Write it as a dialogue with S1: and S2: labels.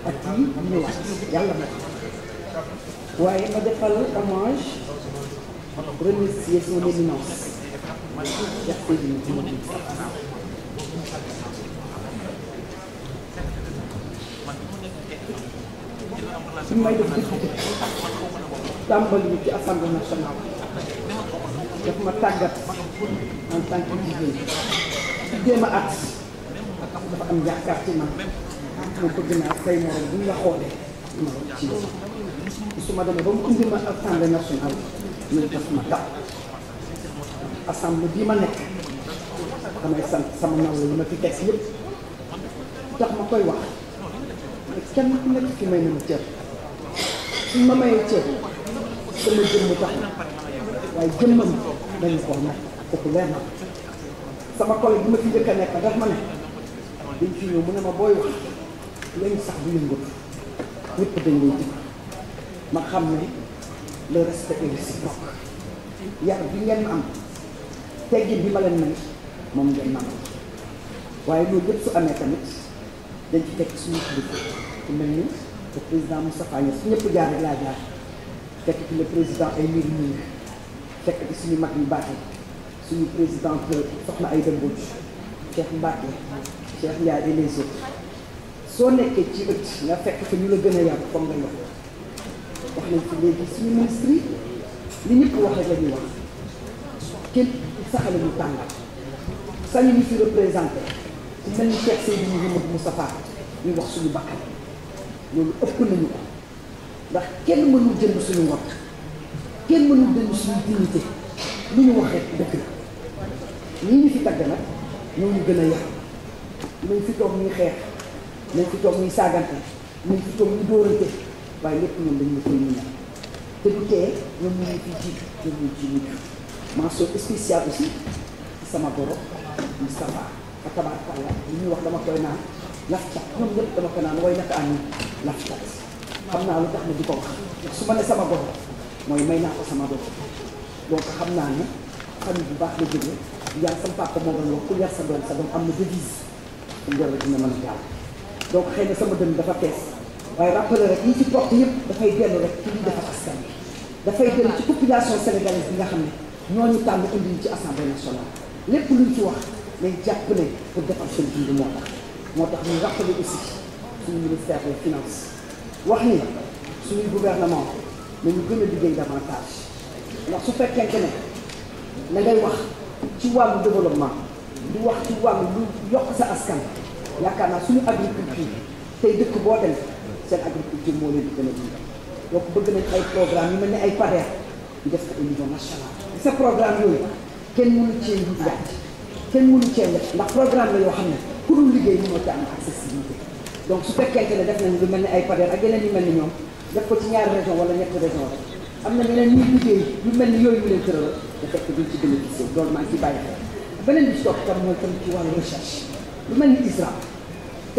S1: ak lii ñu wax yàlla na waaye ma defal hommage remercier son éminence Cheikh Seydina Mouhamed Sy may def tàmbali ci assemblée nationale daf ma tàggat en tant que jigéen jigéen ma at dafa am yaakaar ci man bëgg naa say morom bu ñu la xoole ma ci su ma demee ba mu indi ma assemblée nationale ñu def ma dab assemblée bii ma nekk damay sant sama nawle yi ma fi teg yëpp tax ma koy wax kenn ku nekk fi may na ma ceeb suñ ma mayee ceeb sama jëmm tax waaye jëmmam dañu ko wax kooku leer na sama collègue bi ma fi njëkk a nekk ma ne eh. dañ fi mu ne ma booy wax loolu sax bu yëngatu ñëpp dañ lay dégg man xam ne le respect est réciproque yar bi ngeen am teggin bi ma leen may moom ngeen ma may waaye loolu yëpp su amee tamit dañ ci fekk suñu kilifa ku mel ni le président Moustapha Niasse su ñëpp jaar rek laa jaar fekk ci le président ay mbir ñii fekk ci suñu mag yi baax suñu président soxna ay dëmbooj Cheikh Mbacké Cheikh Ndiaye et les soo nekkee ci ëtt nga fekk fa ñu la gën a yàgg comme nga wax wax nañ ci léegi suñu ministre yi li ñëpp wax rek la ñuy wax kenn saxale ñu tàngal sañu ñu fi représenté ku mel ni Cheikh Seydou Mouhamed Moustapha ñu wax suñu bakkan loolu ëpp nañu ko ndax kenn mënul jënd suñu ngor kenn mënul jënd suñu dignité lu ñu wax rek dëkk la ñu fi tagg nag ñoo ñu gën a yàgg nañ fi toog ñuy xeex nañ fi toog muy saagante nañ fi toog muy dóorante waaye lépp ñoom dañ ñu koy muñal te du tee ñoom ñu ngi fi jiitu ñoom ñu ci aussi sama goro Moustapha ak tabaarkalla li ñuy wax dama koy naan laf cat ñoom ñëpp dama koy naan am laf xam naa lu tax na di ko wax su ma ne sama goro mooy may naa ko sama goro donc xam naa ni ne famille bu baax la jógee yar sama papa moo doon wax ku yar sa doom sa doom am na devise ngoro dina mën a jàll donc xëy na sama dënn dafa tees waaye rek ci rek ci dafay ci population sénégalaise bi nga xam ne assemblée nationale lépp luñ ci wax faire jàpp pour defar ministère des finances wax ni gouvernement mais gën a liggéey davantage ndax su fekkente ne la ngay wax ci développement di wax ci wàllu lu sa askan yaakaar naa suñu agriculture tey dëkk boo dem seen agriculture moo leen di gën a dundal donc bëgg nañ ay programme yu mel ne ay PADER ñu def ko au niveau national sa programme yooyu kenn mënu cee yàcc kenn mënu cee yàcc ndax programme la yoo xam ne ku dul liggéey mënoo ci am accessibilité donc su fekkente ne def nañ lu mel ne ay PADER ak yeneen yu mel ni ñoom def ko wala ñetti région rek am na ñeneen ñuy liggéey yu mel ni yooyu leen tëral da fekk duñ ci bénéficier loolu maa ngi ci bàyyi beneen bi ci topp tam mooy tam